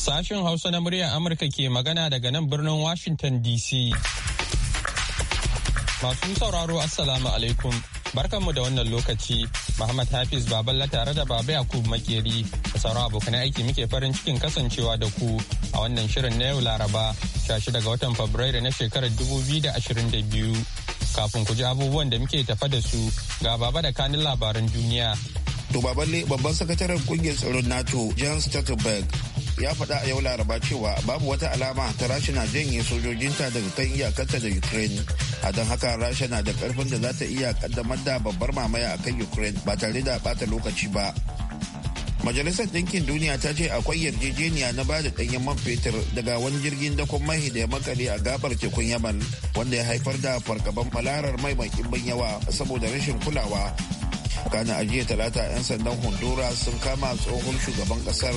Sashen Hausa na muryar Amurka ke magana daga nan birnin Washington DC. Masu sauraro Assalamu alaikum. Barkanmu da wannan lokaci, Muhammad Hafiz Baballa tare da Baba Yakub Makeri da sauran abokan aiki muke farin cikin kasancewa da ku a wannan shirin na yau Laraba, 16 ga watan Fabrairu na shekarar 2022. Kafin ku ji abubuwan da muke tafa da su ga Baba da kanin labaran duniya. To babban sakataren kungiyar tsaron NATO Jens Stoltenberg ya faɗa a yau laraba cewa babu wata alama ta rasha na janye sojojinta daga kan iyakarta da ukraine a don haka rasha na da karfin da za ta iya kaddamar da babbar mamaya a kan ukraine ba tare da bata lokaci ba majalisar ɗinkin duniya ta ce akwai yarjejeniya na ba da ɗanyen man fetur daga wani jirgin dakon mai da ya makare a gabar tekun yaman wanda ya haifar da fargaban malarar mai mai yawa saboda rashin kulawa kana a jiya talata 'yan sandan honduras sun kama tsohon shugaban kasar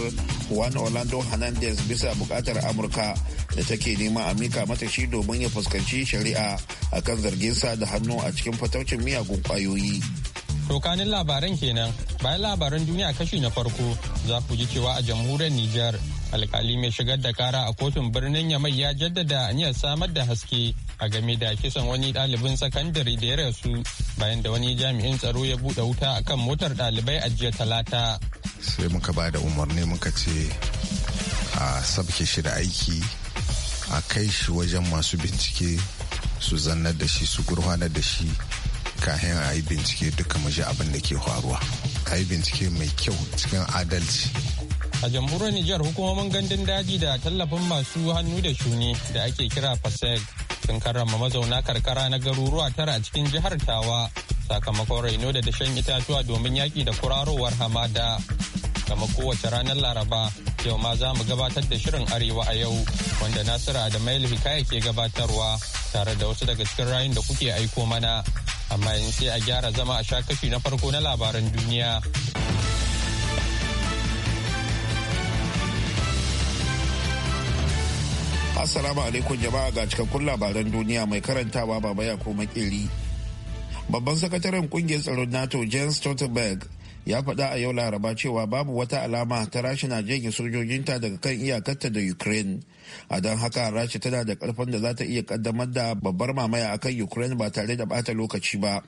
juan orlando hernandez bisa bukatar amurka da take nema a mika mata shi domin ya fuskanci shari'a a akan zarginsa da hannu a cikin fataucin miyagun kwayoyi tokanin labaran kenan bayan labaran duniya kashi na farko za ku ji cewa a jamhuriyar nijar. alkali mai shigar da kara a kotun birnin yamai ya jaddada aniyar samar da haske a game da kisan wani ɗalibin sakandare da ya rasu bayan da wani jami'in tsaro ya buɗe wuta a kan motar ɗalibai a jiya talata sai muka ba da umarni muka ce a sabke shi da aiki a kai shi wajen masu bincike su zannar da shi su gurfanar da shi kahin a yi bincike duka mu ji abin da ke faruwa a yi bincike mai kyau cikin adalci a jamhuriyar Nijar hukumomin gandun daji da tallafin masu hannu da shuni da ake kira faseg sun karrama mazauna karkara na garuruwa tara a cikin jihar tawa sakamakon raino da dashen itatuwa domin yaki da kurarowar hamada kamar kowace ranar laraba yau ma za mu gabatar da shirin arewa a yau wanda nasiru Mail hikaya ke gabatarwa tare da wasu daga cikin rayun da kuke aiko mana amma yanzu sai a gyara zama a sha kashi na farko na labaran duniya Assalamu alaikum jama'a ga cikakkun labaran duniya mai karantawa baba ya makeri. Babban sakataren kungiyar tsaron NATO Jens Stoltenberg ya faɗa a yau laraba cewa babu wata alama ta rashi na jirgin sojojinta daga kan iyakarta da Ukraine. A don haka rashi tana da karfin da za ta iya kaddamar da babbar mamaya a kan Ukraine ba tare da bata lokaci ba.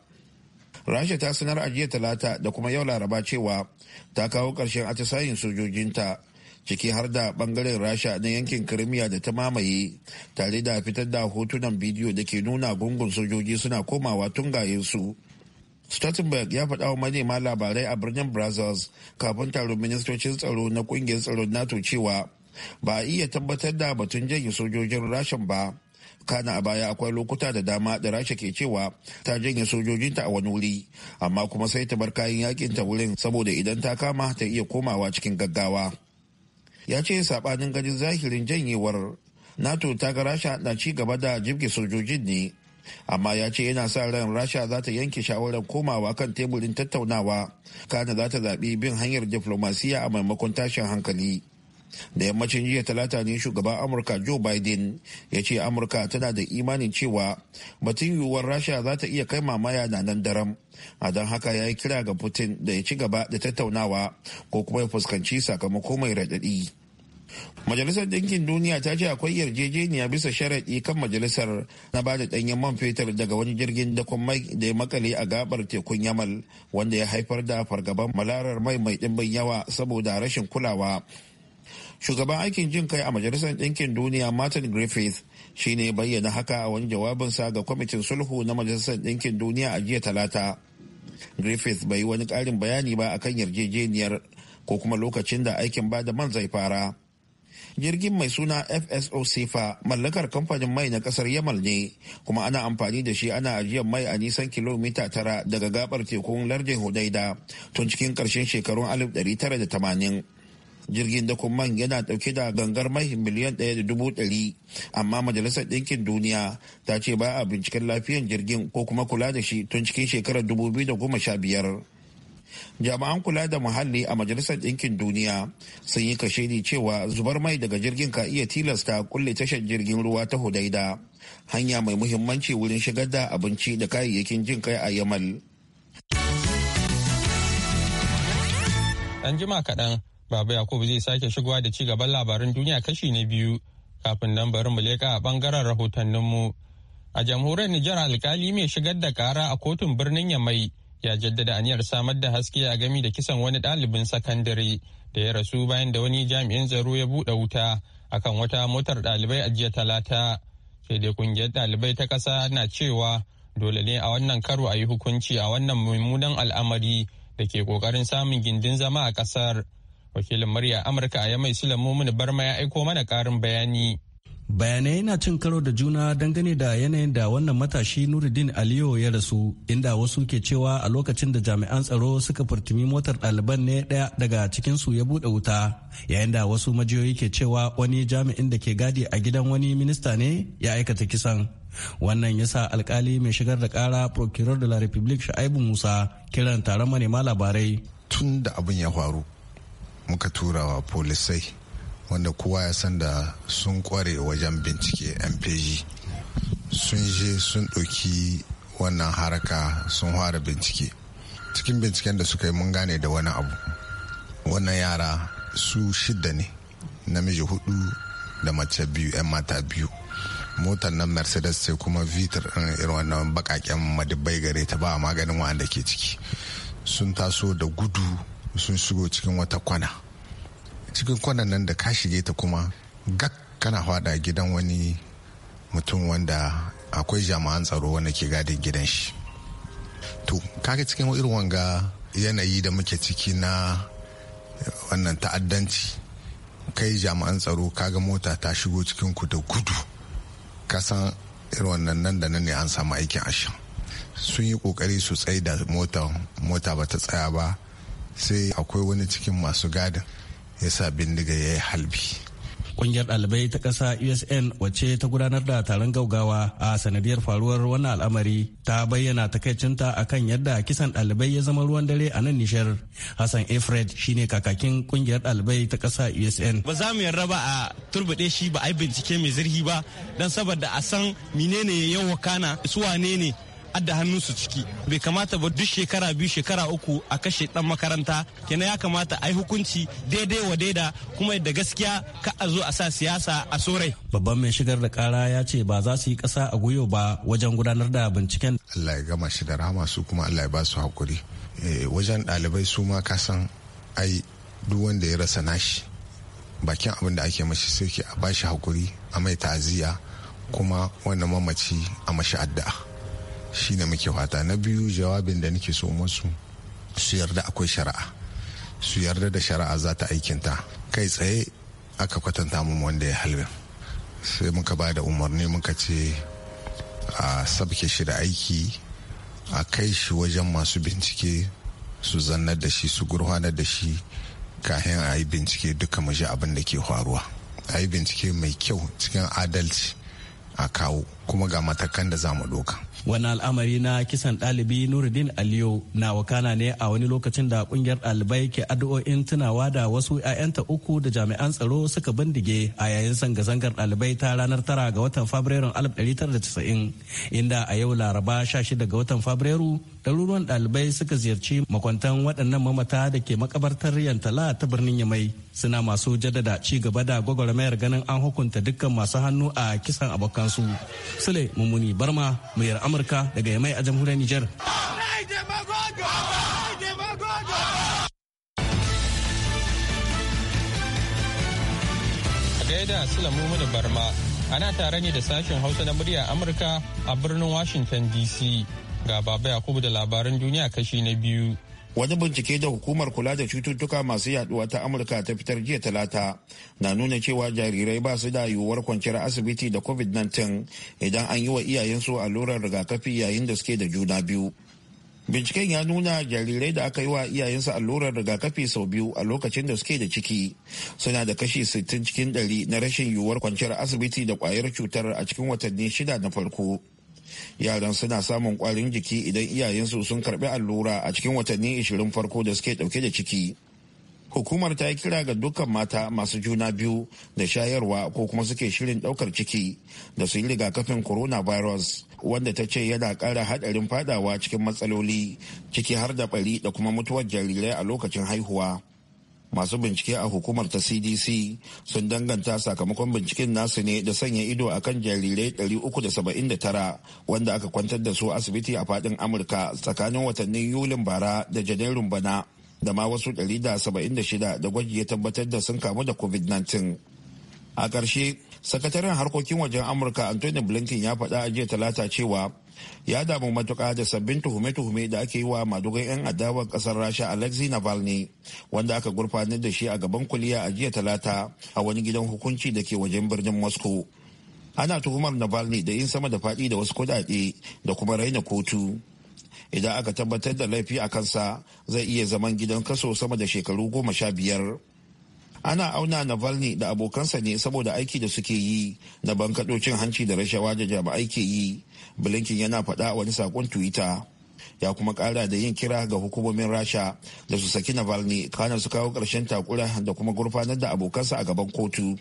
rasha ta sanar a jiya talata da kuma yau laraba cewa ta kawo karshen atisayin sojojinta ciki har da bangaren rasha na yankin kirimiya da ta mamaye tare da fitar da hotunan bidiyo da ke nuna gungun sojoji suna komawa su. stoltenberg ya faɗa wa manema labarai a birnin brazils kafin taron ministocin tsaro na kungiyar tsaron nato cewa ba a iya tabbatar da batun janye sojojin rashin ba kana a baya akwai lokuta da dama da rasha ke cewa ta janye sojojinta a wani wuri amma kuma sai ta bar kayan yakin ta wurin saboda idan ta kama ta iya komawa cikin gaggawa ya ce sabanin ganin zahirin janyewar nato ta ga rasha na ci gaba da jibge sojojin ne amma ya ce yana sa ran rasha za ta yanke shawarar komawa kan teburin tattaunawa kana za ta zaɓi bin hanyar diflomasiya a maimakon tashin hankali da yammacin jiya talata ne shugaban amurka joe biden ya ce amurka tana da imanin cewa batun yiwuwar rasha za ta iya kai mamaya na nan daram a don haka ya yi kira ga putin da ya ci gaba da tattaunawa ko kuma ya fuskanci sakamako mai raɗaɗi majalisar ɗinkin duniya ta ce akwai yarjejeniya bisa sharaɗi kan majalisar na ba da ɗanyen man fetur daga wani jirgin dakon mai da ya makale a gabar tekun yamal wanda ya haifar da fargaban malarar mai mai ɗimbin yawa saboda rashin kulawa shugaban aikin jin kai a majalisar ɗinkin duniya martin griffith shi ne bayyana haka a wani jawabinsa ga kwamitin sulhu na majalisar ɗinkin duniya a jiya talata griffith bai yi wani ƙarin bayani ba akan yarjejeniyar ko kuma lokacin da aikin ba da man zai fara jirgin mai suna fso sifa mallakar kamfanin mai na kasar yamal ne kuma ana amfani da shi ana ajiyar mai a nisan kilomita tara daga gabar tekun lardin hudaida tun cikin karshen shekarun 1980 jirgin da kuma yana dauke da gangar mai miliyan ɗaya da dubu ɗari amma majalisar ɗinkin duniya ta ce ba a binciken lafiyan jirgin ko kuma kula da shi tun cikin shekarar dubu biyu da goma sha biyar jami'an kula da muhalli a majalisar ɗinkin duniya sun yi kashe ni cewa zubar mai daga jirgin ka iya tilasta kulle tashar jirgin ruwa ta hudaida hanya mai muhimmanci wurin shigar da abinci da kayayyakin jin kai a yamal anjima kaɗan Baba Yakubu zai sake shigowa da ci gaban labaran duniya kashi na biyu kafin nan bari mu leƙa a ɓangaren rahotanninmu. A jamhuriyar Nijar alkali mai shigar da kara a kotun birnin Yamai ya jaddada aniyar samar da haske a gami da kisan wani ɗalibin sakandare da ya rasu bayan da wani jami'in tsaro ya buɗe wuta akan wata motar ɗalibai a jiya talata. Sai dai ƙungiyar ɗalibai ta ƙasa na cewa dole ne a wannan karo a yi hukunci a wannan mummunan al'amari da ke ƙoƙarin samun gindin zama a ƙasar. wakilin murya amurka a yamai sulamumin barma ya aiko mana karin bayani bayanai na cin karo da juna dangane da yanayin da wannan matashi nuruddin aliyo ya rasu inda wasu ke cewa a lokacin da jami'an tsaro suka furtumi motar ɗaliban ne ɗaya daga cikinsu ya buɗe wuta yayin da wasu majiyoyi ke cewa wani jami'in da ke gadi a gidan wani minista ne ya aikata kisan wannan ya sa alkali mai shigar da kara procureur de la republique sha'ibu musa kiran taron manema labarai tun da abin ya faru muka tura wa polisai wanda kowa ya san da sun kware wajen bincike mpg sun je sun ɗauki wannan haraka sun fara bincike cikin binciken da suka yi mun gane da wani abu wannan yara su shidda ne namiji hudu da mace biyu 'yan mata biyu motar nan mercedes sai kuma vitar ɗin irin wannan bakaken madubbai gare ta ba maganin wa'anda ke ciki sun taso da gudu sun shigo cikin wata kwana cikin kwanan nan da ka shige ta kuma gak kana hada gidan wani mutum wanda akwai jami'an tsaro wanda ke gadin gidan shi to kaga cikin irin wanga yanayi da muke ciki na wannan ta'addanci kai jami'an tsaro kaga mota ta shigo cikin ku da gudu kasan irin wannan nan da nan ne an samu aikin ashin sun yi kokari su tsaye da mota mota ba ta tsaya ba sai akwai wani cikin masu gadin ya sa bindiga ya yi halbi kungiyar ɗalibai ta ƙasa usn wacce ta gudanar da taron gaugawa a sanadiyar faruwar wannan al'amari ta bayyana takaicinta kan yadda kisan ɗalibai ya zama ruwan dare a nan nishar hassan efred shine kakakin kungiyar ɗalibai ta kasa usn ba za mu yarda ba a turbuɗe shi ba a bincike mai zirhi ba don saboda a san menene ya wakana su wane ne adda su ciki bai kamata ba duk shekara biyu shekara uku a kashe dan makaranta kenan ya kamata a yi hukunci daidai wa daida kuma da gaskiya ka a zo a sa siyasa a sorai babban mai shigar da kara ya ce ba za su yi kasa a guyo ba wajen gudanar da binciken Allah ya gama shi da rama su kuma Allah ya ba su hakuri eh, wajen dalibai su ma kasan ai duk wanda ya rasa nashi bakin abin da ake mashi sai ke a bashi hakuri a mai ta'aziyya kuma wannan mamaci a mashi addu'a shine muke fata na biyu jawabin da nake so masu su yarda akwai shari'a su yarda da shari'a za ta aikinta kai tsaye aka kwatanta mu wanda ya halbin sai muka ba da umarni muka ce a sabke shi da aiki a kai shi wajen masu bincike su zannar da shi su gurfanar da shi kayan a yi bincike duka mu ji abin da ke faruwa a yi bincike mai kyau cikin adalci a kawo kuma ga matakan da za doka. Wani al'amari na kisan ɗalibi Nuruddin Aliyu na wakana ne a wani lokacin da kungiyar ɗalibai ke addu'o'in tunawa da wasu 'ya'yanta uku da jami'an tsaro suka bindige a yayin zanga-zangar ɗalibai ta ranar tara ga watan Fabrairun 1990 inda a yau Laraba 16 ga watan Fabrairu ɗaruruwan ɗalibai suka ziyarci makwantan waɗannan mamata da ke makabartar Yantala ta birnin Yamai suna masu jaddada ci gaba da gwagwarmayar ganin an hukunta dukkan masu hannu a kisan abokansu. Sule Mummuni Barma, muryar Amurka daga Yamai a jamhuriyar Nijar. Gaida Sule Mummuni Barma, ana tare ne da sashen Hausa na muryar Amurka a birnin Washington DC. Ga Baba Yakubu da labaran duniya kashi na biyu. wani bincike da hukumar kula da cututtuka masu yaduwa ta amurka ta fitar jiya talata na nuna cewa jarirai ba su da yiwuwar kwanciyar asibiti da covid-19 idan an yi wa iyayensu allurar rigakafi yayin da suke da juna biyu binciken ya nuna jarirai da aka yi wa iyayensu allurar rigakafi sau biyu a lokacin da suke da ciki suna da kashi 60 cikin 100 na rashin yiwuwar kwanciyar asibiti da kwayar cutar a cikin watanni shida na farko yaran suna samun kwarin jiki idan iyayensu sun karbi allura a cikin watanni ishirin farko da suke dauke da ciki hukumar ta yi kira ga dukkan mata masu juna biyu da shayarwa ko kuma suke shirin daukar ciki da su yi rigakafin coronavirus wanda ta ce yana kara hadarin fadawa cikin matsaloli ciki har da bari da kuma mutuwar jarirai a lokacin haihuwa masu bincike a hukumar ta cdc sun danganta sakamakon binciken nasu ne da sanya ido a kan jarirai 379 wanda aka kwantar da su asibiti a fadin amurka tsakanin watannin yulin bara da janairun bana da ma wasu 176 da gwaji ya tabbatar da sun kamu da covid-19 a ƙarshe sakataren harkokin wajen amurka anthony blinken ya faɗa a jiya talata cewa ya damu matuƙa da sabbin tuhume-tuhume da ake yi wa madugan 'yan adawar ƙasar rasha alexei navalny wanda aka gurfanar da shi a gaban kuliya a jiya talata a wani gidan hukunci da ke wajen birnin moscow ana tuhumar navalny da yin sama da faɗi da wasu kuɗaɗe da kuma raina kotu idan aka tabbatar da laifi a kansa zai iya zaman gidan kaso sama da shekaru goma sha biyar ana auna navalny da abokansa ne saboda aiki da suke yi na bankadocin hanci da rashawa da jami'ai ke yi blinken yana faɗa wani sakon twitter ya kuma ƙara da yin kira ga hukumomin rasha da su saki navalny kana su kawo ƙarshen takura da kuma gurfanar da abokansa a gaban kotu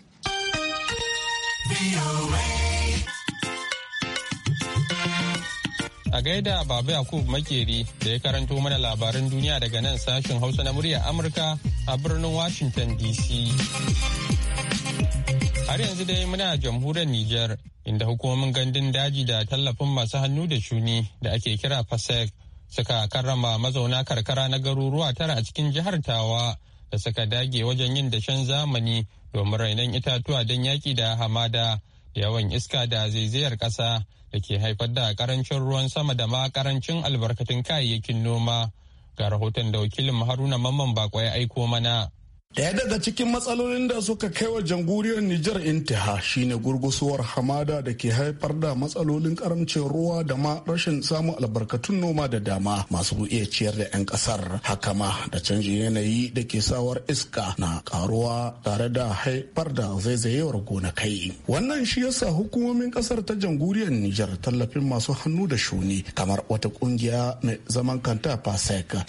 a gaida babu yakub makeri da ya karanto mana labarin duniya daga nan sashen hausa na murya amurka a birnin Washington DC. Har yanzu dai muna jamhuriyar niger inda hukumomin gandun daji da tallafin masu hannu da shuni da ake kira FASEC suka karrama mazauna karkara na garuruwa tara a cikin jihar Tawa da suka dage wajen yin dashen zamani domin rainon itatuwa don yaƙi da hamada da yawan iska da zaizayar ƙasa da ke haifar da ƙarancin ruwan sama da ma ƙarancin albarkatun kayayyakin noma. ga rahoton da wakilin haruna mamman bako ya aiko mana Daya daga cikin matsalolin da suka kai wa jamhuriyar Nijar intiha shine gurgusuwar hamada da ke haifar da matsalolin karamcin ruwa da ma rashin samun albarkatun noma da dama masu iya ciyar da 'yan kasar Hakama da canjin yanayi da ke sawar iska na karuwa tare da haifar da zaizayewar gonakai. Wannan shi yasa hukumomin kasar ta jamhuriyar Nijar tallafin masu hannu da shuni kamar wata kungiya mai zaman kanta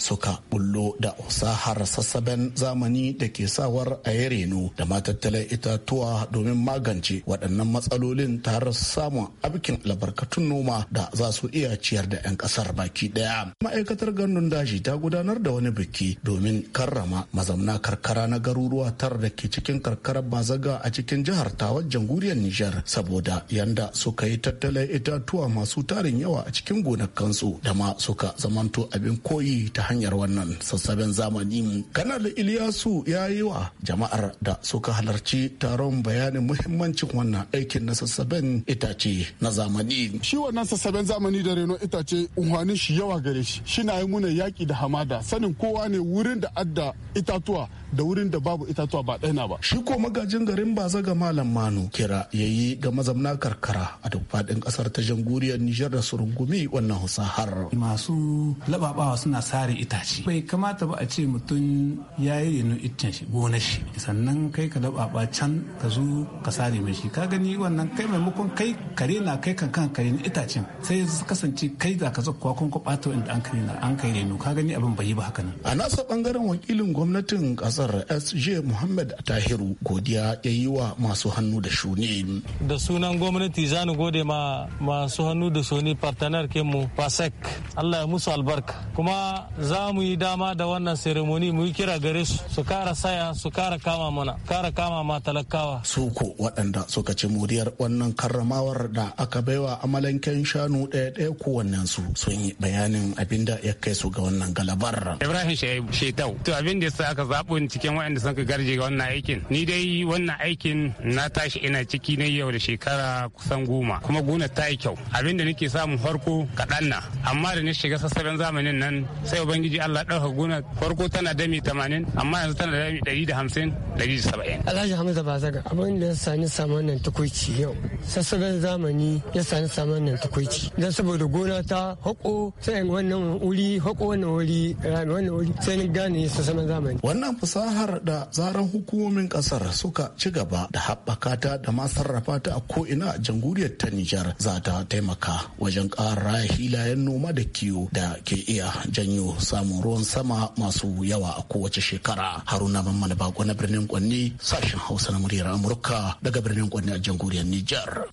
suka bullo da usahar sassaben zamani da ke sawar a yi reno da ma itatuwa domin magance waɗannan matsalolin tare samun abikin albarkatun noma da za su iya ciyar da 'yan ƙasar baki ɗaya. Ma'aikatar gandun daji ta gudanar da wani biki domin karrama mazamna karkara na garuruwa tar da ke cikin karkarar Bazaga a cikin jihar Tawar jamhuriyar Nijar saboda yanda suka yi tattalin itatuwa masu tarin yawa a cikin gonakansu da ma suka zamanto abin koyi ta hanyar wannan sassaben zamani. Kanal Iliyasu ya ya yi wa jama'ar da suka halarci taron bayanin muhimmancin wannan aikin na sassaben itace na zamani. Shi wannan sassaben zamani da reno itace unhwanin shi yawa gare shi. Shi na yi muna yaƙi da hamada sanin kowa ne wurin da adda itatuwa da wurin da babu itatuwa ba ɗaya ba. Shi ko magajin garin ba ga Malam Manu kira ya yi ga mazamna karkara a duk faɗin ƙasar ta janguriyar Nijar da surungumi wannan husahar. Masu lababawa suna sare itace. Bai kamata ba a ce mutum ya yi reno iccen shi gonar shi sannan kai ka lababa can ka zo ka sare mai shi. Ka gani wannan kai maimakon kai kare na kai kan kan kare na itacen sai kasance kai za ka zaka kun ku ɓata inda an kare na an kai reno ka gani abin bai yi ba haka nan. A nasa ɓangaren wakilin gwamnatin ƙasar majalisar sj muhammad tahiru godiya ya yi wa masu hannu da shuni da sunan gwamnati za gode ma masu hannu da shuni partanar mu pasek allah ya musu albarka kuma za mu yi dama da wannan seremoni mu yi kira gare su su kara saya su kara kama mana kara kama ma talakawa su ko waɗanda suka ci muriyar wannan karramawar da aka baiwa amalanken shanu ɗaya ɗaya kowannen su sun yi bayanin abinda ya kai su ga wannan galabar ibrahim shehu shetau to abin da ya aka zaɓo nan cikin waɗanda suka garje ga wannan aikin ni dai wannan aikin na tashi ina ciki na yau da shekara kusan goma kuma gona ta yi kyau abin da nake samu farko kaɗan na amma da na shiga sassaben zamanin nan sai ubangiji Allah ɗauka gona farko tana dami tamanin amma yanzu tana dami ɗari da hamsin ɗari da saba'in. Alhaji Hamza Bazaga abin da ya sani samun nan tukuici yau sassaben zamani ya sani samun nan tukuici don saboda gona ta hako sai wannan wuri hako wannan wuri rami wannan wuri sai ni gane sassaben zamani. Wannan fusa fasahar da zaren hukumomin kasar suka ci gaba da haɓaka ta da ma sarrafa ta a ko'ina a janguriyar ta Nijar za ta taimaka wajen ƙara hilayen noma da kiwo da ke iya janyo samun ruwan sama masu yawa a kowace shekara. Haruna Mamman Bako na birnin Kwanni sashen Hausa na muryar Amurka daga birnin Kwanni a janguriyar Nijar.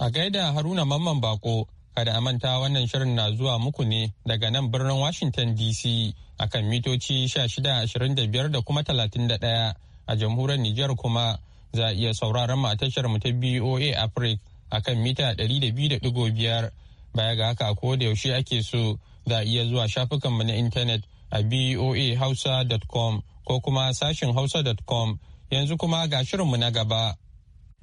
A gaida Haruna Mamman Bako Kada a manta wannan shirin na zuwa muku ne daga nan birnin Washington DC akan mitoci 1625 da kuma 31 a jamhuriyar Nijar kuma za a iya sauraron mu a tashar mu ta BOA Africa akan mita 200.5 baya ga haka ko da yaushe ake so za a iya zuwa shafukan mu na intanet a boahausa.com ko kuma sashin hausa.com yanzu kuma ga shirinmu na gaba.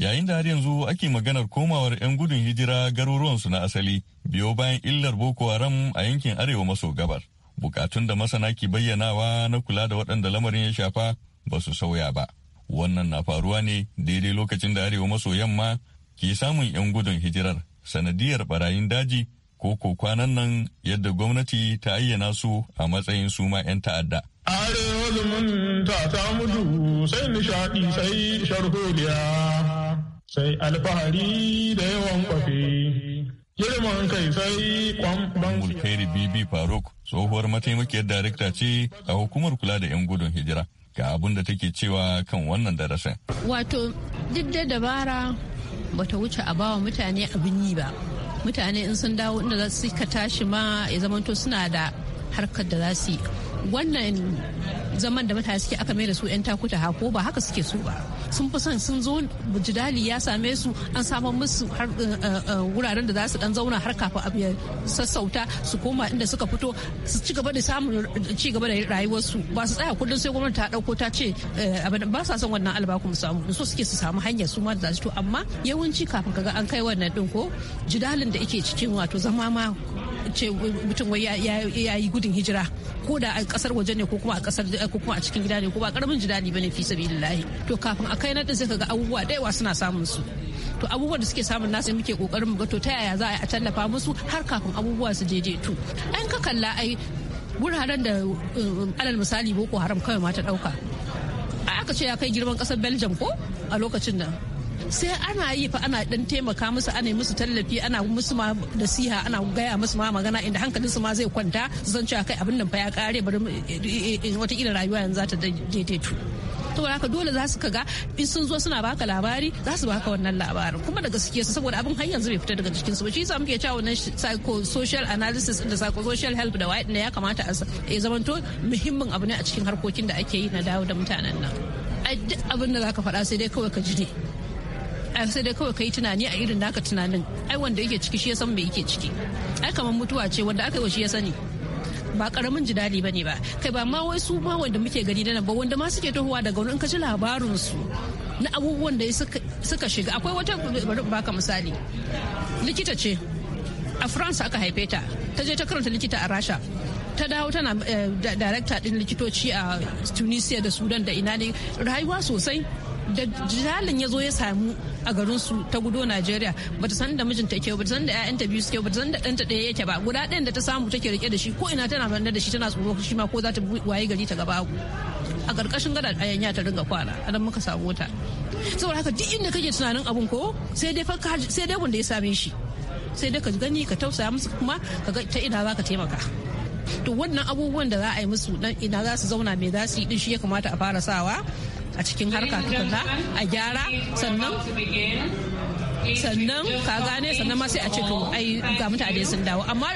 yayin da har yanzu ake maganar komawar 'yan gudun hijira garuruwansu na asali biyo bayan illar boko haram a yankin arewa maso gabar bukatun da masana ke bayyanawa na kula da waɗanda lamarin ya shafa ba su sauya ba wannan na faruwa ne daidai lokacin da arewa maso yamma ke samun 'yan gudun hijirar sanadiyar barayin daji ko ko kwanan nan yadda gwamnati ta ayyana su a matsayin suma 'yan ta'adda arewa zumunta ta mudu sai nishaɗi sai sharholiya sai alfahari da yawan kwafi. Girman kai sai kwamban Mulkairi bb Faruk tsohuwar mataimakiyar darekta ce a hukumar kula da 'yan gudun hijira. Ga abin da take cewa kan wannan darasin. Wato, duk da dabara bata wuce a bawa mutane abin yi ba. Mutane in sun dawo inda za su ka tashi ma ya zamanto suna da harkar da za su yi. wannan zaman da mutane suke aka mai da su 'yan takuta hako ba haka suke so ba sun fi son sun zo jidali ya same su an samar musu eh, eh, eh, wuraren da za su dan zauna har kafin abu ya sassauta su koma inda suka fito su ci gaba da samun ci gaba da rayuwarsu ba su tsaya kullum sai gwamnati ta dauko ta ce ba sa son wannan mu samu so suke su samu hanyar su ma da to amma yawanci kafin kaga an kai wannan din ko jidalin da yake cikin wato zama ma ce mutum wai ya yi gudun hijira ko da a kasar waje ne ko kuma a kasar ko kuma a cikin gida ne ko ba karamin ne bane fi sabilillahi to kafin a kai na din sai ga abubuwa da yawa suna samun su to abubuwan da suke samun nasu muke kokarin mu ga to ta yaya za a tallafa musu har kafin abubuwa su je to an ka kalla ai wuraren da eh, alal misali boko haram kawai ma ta dauka aka ce ya kai girman kasar belgium ko a lokacin nan sai ana yi fa ana dan taimaka musu ana musu tallafi ana musu ma da siha ana gaya musu ma magana inda hankalin su ma zai kwanta zan cewa kai abin nan fa ya kare bari eh, eh, eh, irin rayuwa yanzu za ta daidaitu saboda haka dole za su kaga in sun zo suna baka labari za su baka wannan labarin kuma da gaske su saboda abin har yanzu bai fita daga jikinsu ba shi yasa muke cewa wannan psycho social analysis da psycho social help da wayar ne ya kamata a zamanto muhimmin abu ne a cikin harkokin da ake yi na dawo da mutanen nan duk abin da zaka faɗa sai dai kawai ka ji ne sai dai kawai kai tunani a irin naka tunanin ai wanda yake ciki shi ya san me yake ciki ai kamar mutuwa ce wanda aka yi wa shi ya sani ba karamin jidali bane ba kai ba ma wai su ma wanda muke gani nan ba wanda ma suke tohuwa daga wani in ka ji labarin su na abubuwan da suka shiga akwai wata baka misali likita ce a france aka haife ta ta je ta karanta likita a rasha ta dawo tana eh, darakta din likitoci a tunisia da sudan da ina ne rayuwa sosai da jihalin ya zo ya samu a garin su ta gudo Najeriya ta san da mijinta yake ta san da ƴaƴanta biyu suke ta san da ɗanta ɗaya yake ba guda ɗayan da ta samu take rike da shi ko ina tana banda da shi tana tsoro shi ma ko za ta waye gari ta gaba a ƙarƙashin gada ya ta ringa kwana a nan muka samu ta saboda haka duk inda kake tunanin abun ko sai dai sai dai wanda ya same shi sai dai ka gani ka tausaya musu kuma ka ga ta ina za ka taimaka to wannan abubuwan da za a yi musu ina za su zauna me za su yi din shi ya kamata a fara sawa a cikin harka tukuna a gyara sannan sannan ka gane sannan ma sai a ce ai ga mutane sun dawo amma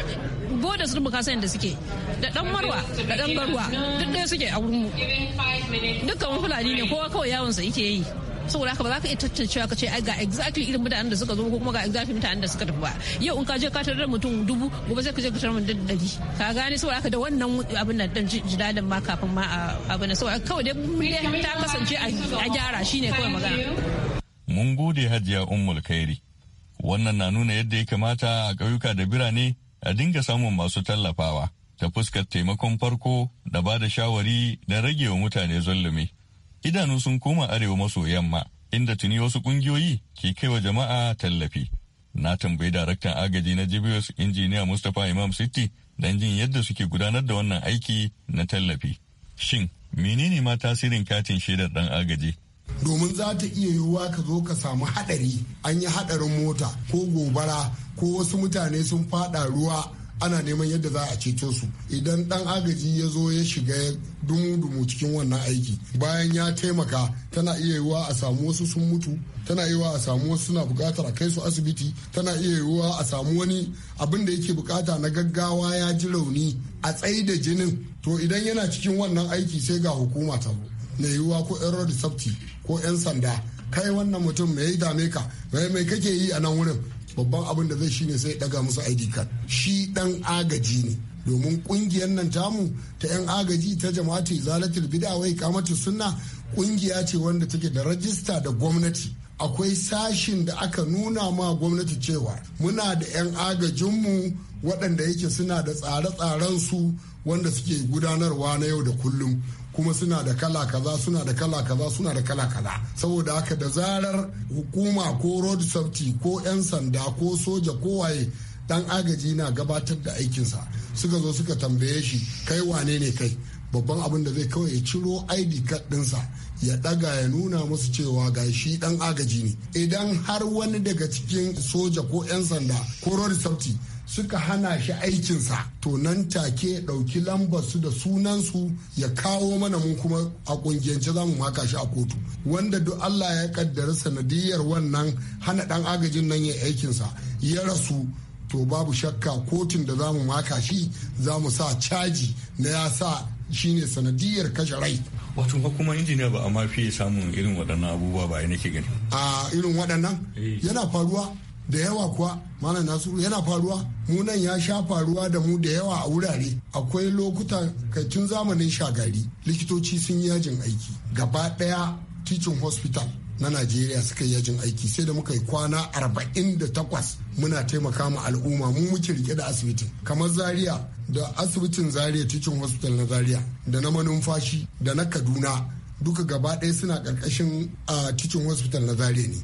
boda su rubuka sayan da suke da dan marwa da dan garwa duk ɗaya suke a wurin mu dukkan fulani ne kowa kawai yawon sa yake yi saboda haka ba za ka iya tantancewa ka ce ai ga exactly irin mutanen da suka zo ko kuma ga exactly mutanen da suka tafi ba yau in ka je ka tarar mutum dubu gobe sai ka je ka tarar mutum dari ka gane saboda haka da wannan abin da dan jidadin ma kafin ma abin da saboda kawai dai ta kasance a gyara shine kawai magana mun gode hajiya ummul kairi wannan na nuna yadda ya kamata a ƙauyuka da birane a dinga samun masu tallafawa ta fuskar taimakon farko da ba da shawari da rage wa mutane zulumi idanu sun koma arewa maso yamma inda tuni wasu kungiyoyi ke kaiwa jama'a tallafi na tambayi daraktan agaji na jibiyos injiniya mustapha imam city don jin yadda suke gudanar da wannan aiki na tallafi shin menene ma tasirin katin shaidar dan agaji domin za ta iya yiwuwa ka zo ka samu hadari an yi hadarin mota ko gobara ko wasu mutane sun fada ruwa ana neman yadda za a ceto su idan dan agaji ya zo ya shiga dumu-dumu cikin wannan aiki bayan ya taimaka tana iya yiwuwa a samu wasu sun mutu tana iya yiwuwa a samu wasu suna bukatar a kai su asibiti tana iya yiwuwa a samu wani abin da yake bukata na gaggawa ya ji rauni a tsayi da jinin to idan yana cikin wannan aiki sai ga hukuma ta zo na yiwuwa ko 'yan road safety ko 'yan sanda kai wannan mutum me ya dame ka mai kake yi a nan wurin babban abin da zai shine sai ɗaga daga musu id card shi dan agaji ne domin kungiyar nan tamu ta 'yan agaji ta jama'atu zalatul bid'a wai kamatu sunna kungiya ce wanda take da rajista da gwamnati akwai sashin da aka nuna ma gwamnati cewa muna da 'yan agajinmu waɗanda yake suna da tsare-tsaren su wanda suke gudanarwa na yau da kullum kuma suna da kala kaza suna da kala kaza suna da kala kaza saboda haka da zarar hukuma ko road safety ko 'yan sanda ko soja ko waye dan agaji na gabatar da aikinsa suka zo suka tambaye shi kai wane ne kai babban abin da zai kawai ya ciro id card sa ya daga ya nuna musu cewa ga shi dan agaji ne idan har wani daga cikin soja ko 'yan sanda ko road safety suka hana shi aikinsa to nan take ɗauki lambar su da sunansu ya kawo mana mu kuma a ƙungiyance za mu maka shi a kotu wanda duk Allah ya kaddara sanadiyar wannan hana ɗan agajin nan ya aikinsa ya rasu to babu shakka kotun da za mu maka shi za mu sa caji na ya sa shine sanadiyar kashe rai wato kuma injiniya ba a fiye samun irin waɗannan abubuwa ba ya nake gani a irin waɗannan eh. yana faruwa da yawa kuwa malam nasiru yana faruwa mu nan ya sha faruwa da mu da yawa a wurare akwai lokuta kacin zamanin shagari likitoci sun yi yajin aiki gaba daya teaching hospital na najeriya suka yi yajin aiki sai da muka yi kwana 48 muna taimaka ma al'umma mu muke rike da asibitin kamar zaria da asibitin zaria teaching hospital na zaria da na manumfashi da na kaduna duka gaba ɗaya suna ƙarƙashin a cikin hospital na zare ne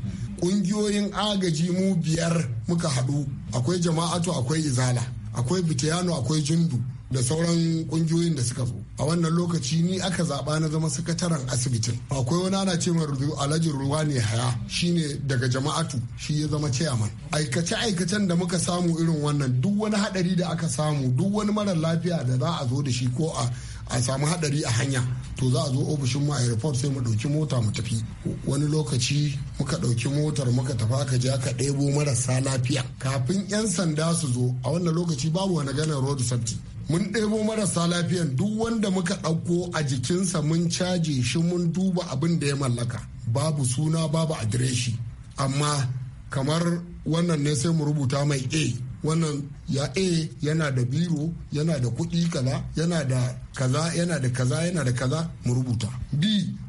ƙungiyoyin agaji mu biyar muka haɗu akwai jama'atu akwai izala akwai bitiyano akwai jindu da sauran ƙungiyoyin da suka zo a wannan lokaci ni aka zaɓa na zama sakataren asibitin akwai wani ana ce alhaji ruwa ne haya shine daga jama'atu shi ya zama ciyaman aikace aikacen da muka samu irin wannan duk wani hadari da aka samu duk wani mara lafiya da za a zo da shi ko a a samu hadari a hanya to za a zo ofishin mu a airport sai mu ɗauki mota mu tafi wani lokaci muka ɗauki motar muka tafa ka je ka ɗebo marasa lafiya kafin 'yan sanda su zo a wannan lokaci babu wani ganin road safety mun ɗebo marasa lafiyan duk wanda muka ɗauko a jikinsa mun caje shi mun duba abin da ya mallaka babu suna babu adireshi amma kamar wannan ne sai mu rubuta mai a wannan ya a yana da biro yana da kuɗi kaza yana da kaza yana da kaza yana da kaza mu rubuta b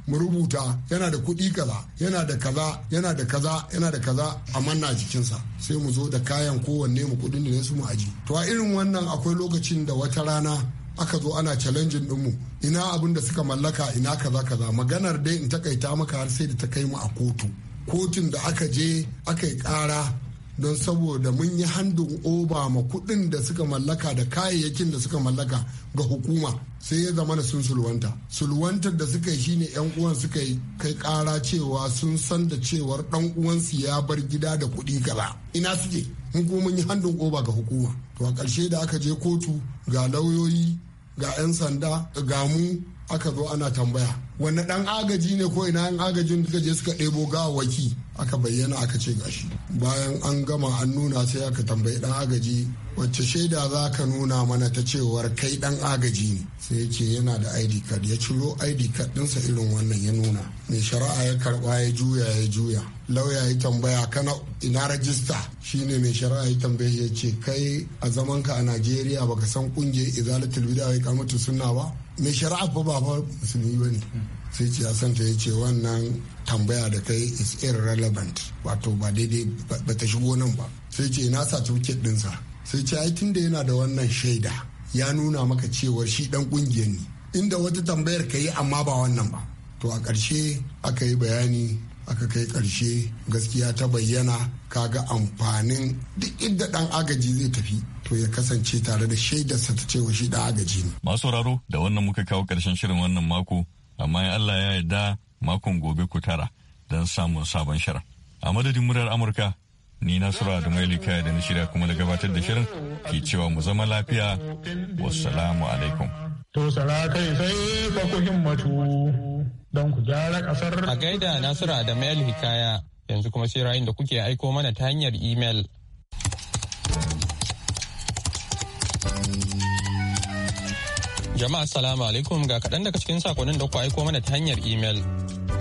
mu rubuta yana da kuɗi kaza yana da kaza yana da kaza yana da kaza a manna jikinsa sai mu zo da kayan kowanne mu kuɗin da su mu aji to a irin wannan akwai lokacin da wata rana aka zo ana challenging dinmu ina abin da suka mallaka ina kaza kaza maganar dai in takaita maka har sai da ta kai mu a kotu kotun da aka je aka yi kara don saboda mun yi handun oba ma kuɗin da suka mallaka da kayayyakin da suka mallaka ga hukuma sai ya zama da sun sulwanta sulwantar da suka yi shine yan uwan suka yi kai kara cewa sun san da cewar dan uwansu ya bar gida da kuɗi kaza ina suke mun kuma mun yi handin oba ga hukuma to a ƙarshe da aka je kotu ga lauyoyi ga 'yan sanda ga mu aka zo ana tambaya wani dan agaji ne ko ina yan agajin suka je suka ɗebo gawaki aka bayyana aka ce gashi bayan an gama an nuna sai aka tambayi dan agaji wacce shaida za ka nuna mana ta cewar kai dan agaji ne sai ya ce yana da id card ya ciro id card ɗinsa irin wannan ya nuna mai shari'a ya karba ya juya ya juya lauya ya tambaya kana ina rajista shine mai shari'a ya tambaya ya ce kai a ka a najeriya baka san kungiyar izalatul bid'a wai Suna sunna ba mai shari'a fa ba musulmi ba ne sai ce ya santa ya ce wannan tambaya da kai is irrelevant wato ba daidai ba ta shigo nan ba sai ce ina certificate dinsa sai ce ai tunda yana da wannan shaida ya nuna maka cewar shi dan kungiyar ne inda wata tambayar ka yi amma ba wannan ba to a ƙarshe aka yi bayani aka kai ƙarshe gaskiya ta bayyana kaga amfanin duk inda dan agaji zai tafi to ya kasance tare da shaidarsa ta cewa shi dan agaji ne. Masu sauraro da wannan muka kawo ƙarshen shirin wannan mako amma in Allah ya yarda makon gobe ku tara don samun sabon shirin. A madadin murar Amurka, ni Nasiru mai likaya da na shirya kuma da gabatar da shirin ke cewa mu zama lafiya. Wassalamu alaikum. To sara kai sai fa ku himmatu don ku gyara kasar. A gaida Nasiru Adamu hikaya yanzu kuma sai ra'ayin da kuke aiko mana ta hanyar imel. Jama'a salamu alaikum ga kaɗan daga cikin sakonin da ku aiko mana ta hanyar imel.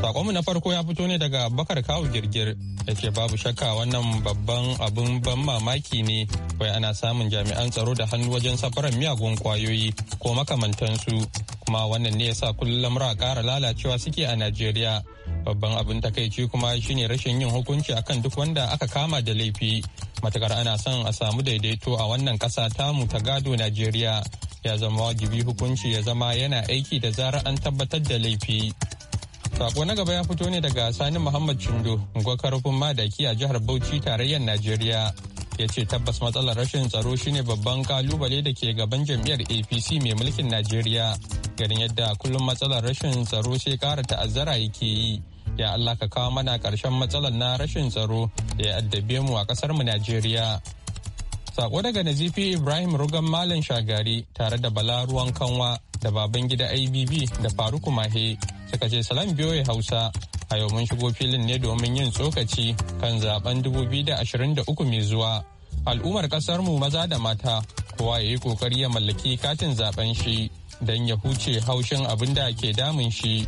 Sakonmu na farko ya fito ne daga Bakar Kawu Girgir da ke babu shakka wannan babban abin ban mamaki ne wai ana samun jami'an tsaro da hannu wajen safarar miyagun kwayoyi ko makamantansu kuma wannan ne yasa kullum ra ƙara lalacewa suke a Najeriya. Babban abin takaici kuma shine rashin yin hukunci akan duk wanda aka kama da laifi. Matakar ana son a samu daidaito a wannan ƙasa tamu ta gado Najeriya. ya zama wajibi hukunci ya zama yana aiki da zarar an tabbatar da laifi sako na gaba ya fito ne daga sani muhammad chindo gwakarufin madaki a jihar bauchi tarayyar najeriya ya ce tabbas matsalar rashin tsaro shine babban kalubale da ke gaban jam'iyyar apc mai mulkin najeriya ganin yadda kullum matsalar rashin tsaro sai kara ta'azzara yake yi ya allah ka kawo mana karshen matsalar na rashin tsaro da ya addabe mu a kasar mu najeriya Sako daga Nazifi Ibrahim Rugan Malam Shagari tare da Bala Ruwan Kanwa da baban gida ABB da Faruku Mahe suka ce salam biyoyi Hausa a yau mun shigo filin ne domin yin tsokaci kan zaben 2023 mai zuwa. Al'ummar kasar mu maza da mata kowa ya yi kokari ya mallaki katin zaben shi don ya huce haushin abin da ke damun shi.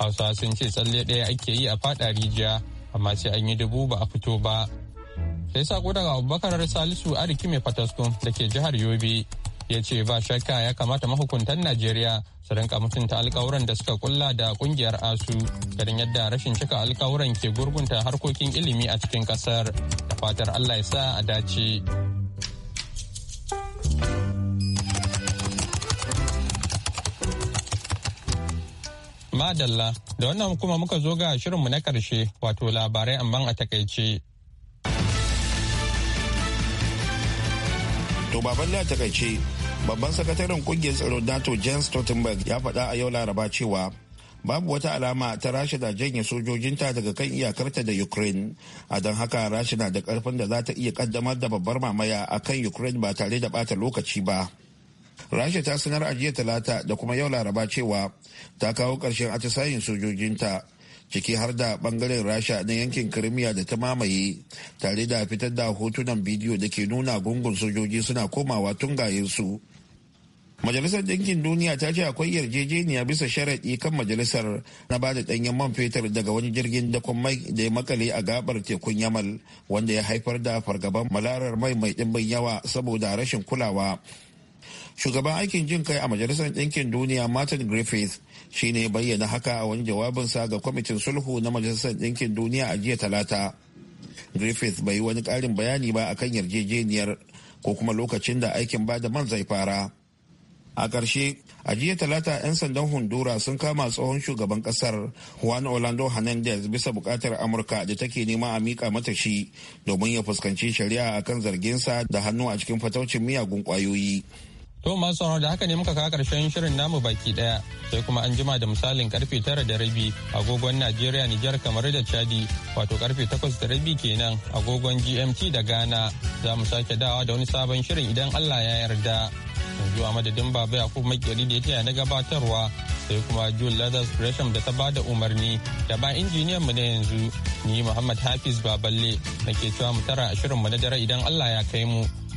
Hausa sun ce tsalle ɗaya ake yi a faɗa rijiya amma sai an yi dubu ba a fito ba. sai sako daga abubakar salisu ariki mai fataskun da ke jihar yobe ya ce ba shakka ya kamata mahukuntan najeriya su rinka mutunta alkawuran da suka kulla da kungiyar asu garin yadda rashin cika alkawuran ke gurgunta harkokin ilimi a cikin kasar da fatar allah ya sa a dace madalla da wannan kuma muka zo ga shirinmu na karshe wato labarai amman a takaice baban ya takaice babban sakataren kungiyar tsaro nato jens stoltenberg ya faɗa a yau laraba cewa babu wata alama ta rasha da janye sojojinta daga kan iyakarta da ukraine a don haka rasha na da karfin da za ta iya kaddamar da babbar mamaya a kan ukraine ba tare da bata lokaci ba rasha ta sanar a jiya talata da kuma yau laraba cewa ta kawo karshen atisayin sojojinta ciki har da bangaren rasha na yankin kirimiya da ta mamaye tare da fitar da hotunan bidiyo da ke nuna gungun sojoji suna komawa tun su. majalisar dinkin duniya ta ce akwai yarjejeniya bisa sharaɗi kan majalisar na ba da ɗanyen man fetur daga wani jirgin dakon mai da ya makale a gabar tekun yamal wanda ya haifar da fargaban malarar mai mai ɗimbin yawa saboda rashin kulawa shugaban aikin jin kai a majalisar ɗinkin duniya martin griffith shi ne bayyana haka a wani jawabinsa ga kwamitin sulhu na majalisar ɗinkin duniya a jiya talata griffith bai yi wani ƙarin bayani ba akan yarjejeniyar ko kuma lokacin da aikin ba da man zai fara a ƙarshe a jiya talata 'yan sandan hundura sun kama tsohon shugaban ƙasar juan orlando hernandez bisa buƙatar amurka da take nema a miƙa mata shi domin ya fuskanci shari'a akan zarginsa da hannu a cikin fataucin miyagun ƙwayoyi To masu sauraro da haka ne muka kawo karshen shirin namu baki daya sai kuma an jima da misalin karfe tara da rabi agogon Najeriya Nijar kamar da Chadi wato karfe takwas da rabi kenan agogon GMT da Ghana za mu sake dawa da wani sabon shirin idan Allah ya yarda. Yanzu a madadin Baba Yakubu Makeri da ya taya na gabatarwa sai kuma Jule Lathers Gresham da ta bada umarni da ba injiniyan mu na yanzu ni Muhammad Hafiz Baballe nake cewa mu tara a shirin mu na dare idan Allah ya kai mu.